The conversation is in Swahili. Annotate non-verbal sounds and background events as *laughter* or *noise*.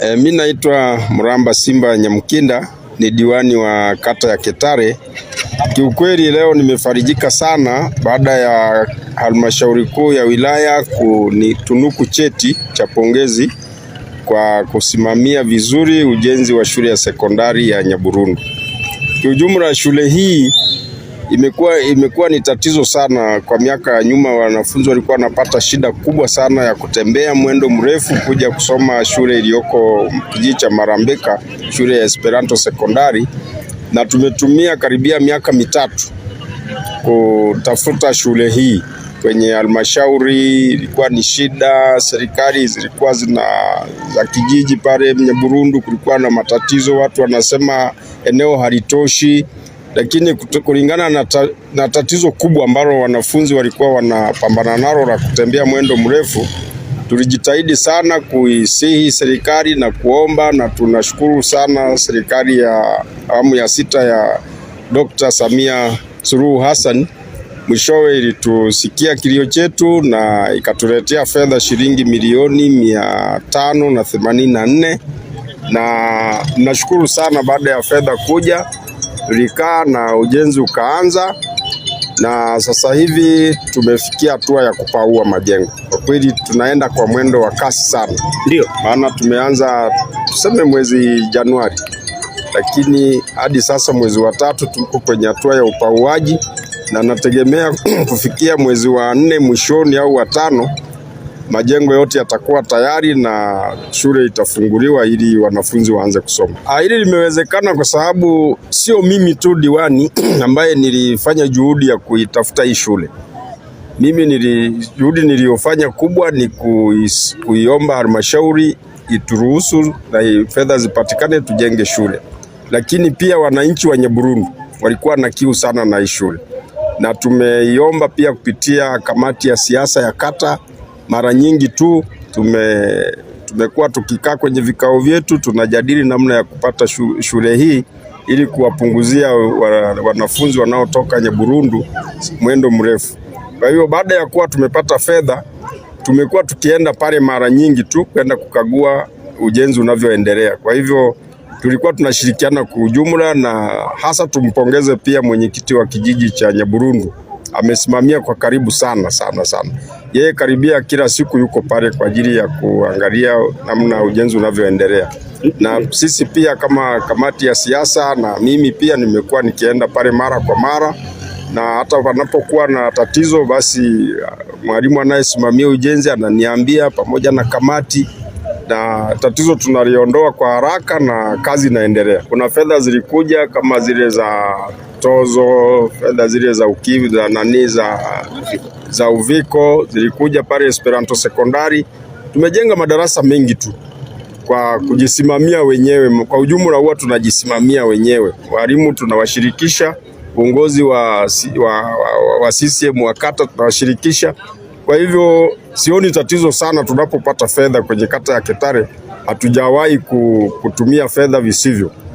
E, mi naitwa Mramba Simba Nyamkinda ni diwani wa kata ya Ketare. Kiukweli leo nimefarijika sana baada ya halmashauri kuu ya wilaya kunitunuku cheti cha pongezi kwa kusimamia vizuri ujenzi wa shule ya sekondari ya Nyaburundu. Kiujumla shule hii imekuwa imekuwa ni tatizo sana. Kwa miaka ya nyuma, wanafunzi walikuwa wanapata shida kubwa sana ya kutembea mwendo mrefu kuja kusoma shule iliyoko kijiji cha Marambeka, shule ya Esperanto Sekondari, na tumetumia karibia miaka mitatu kutafuta shule hii kwenye halmashauri ilikuwa ni shida. Serikali zilikuwa zina za kijiji pale Mnyaburundu, kulikuwa na matatizo, watu wanasema eneo halitoshi lakini kulingana na, ta, na tatizo kubwa ambalo wanafunzi walikuwa wanapambana nalo la kutembea mwendo mrefu, tulijitahidi sana kuisihi serikali na kuomba, na tunashukuru sana serikali ya awamu ya sita ya Dkt. Samia Suluhu Hassan mwishowe ilitusikia kilio chetu na ikatuletea fedha shilingi milioni mia tano na themanini na nne na nashukuru sana. Baada ya fedha kuja, likaa na ujenzi ukaanza, na sasa hivi tumefikia hatua ya kupaua majengo. Kwa kweli tunaenda kwa mwendo wa kasi sana, ndio maana tumeanza tuseme mwezi Januari, lakini hadi sasa mwezi wa tatu tuko kwenye hatua ya upauaji, na nategemea *clears throat* kufikia mwezi wa nne mwishoni au wa tano majengo yote yatakuwa tayari na shule itafunguliwa ili wanafunzi waanze kusoma. Ah, hili limewezekana kwa sababu sio mimi tu diwani *clears throat* ambaye nilifanya juhudi ya kuitafuta hii shule. Mimi nili, juhudi niliyofanya kubwa ni kuiomba halmashauri ituruhusu na fedha zipatikane tujenge shule, lakini pia wananchi wa Nyaburundu walikuwa na kiu sana na hii shule, na tumeiomba pia kupitia kamati ya siasa ya kata mara nyingi tu tume tumekuwa tukikaa kwenye vikao vyetu tunajadili namna ya kupata shule hii ili kuwapunguzia wanafunzi wanaotoka Nyaburundu mwendo mrefu. Kwa hiyo baada ya kuwa tumepata fedha, tumekuwa tukienda pale mara nyingi tu kwenda kukagua ujenzi unavyoendelea. Kwa hivyo tulikuwa tunashirikiana kwa ujumla, na hasa tumpongeze pia mwenyekiti wa kijiji cha Nyaburundu amesimamia kwa karibu sana sana sana. Yeye karibia kila siku yuko pale kwa ajili ya kuangalia namna ujenzi unavyoendelea, na sisi pia kama kamati ya siasa na mimi pia nimekuwa nikienda pale mara kwa mara, na hata wanapokuwa na tatizo, basi uh, mwalimu anayesimamia ujenzi ananiambia pamoja na kamati na tatizo tunaliondoa kwa haraka na kazi inaendelea. Kuna fedha zilikuja kama zile za tozo, fedha zile za ukivu za nani za, za uviko zilikuja pale Esperanto sekondari. Tumejenga madarasa mengi tu kwa kujisimamia wenyewe. Kwa ujumla huwa tunajisimamia wenyewe, walimu tunawashirikisha, uongozi wa, wa, wa, wa CCM wa kata tunawashirikisha. Kwa hivyo sioni tatizo sana tunapopata fedha kwenye kata ya Ketare. Hatujawahi kutumia fedha visivyo.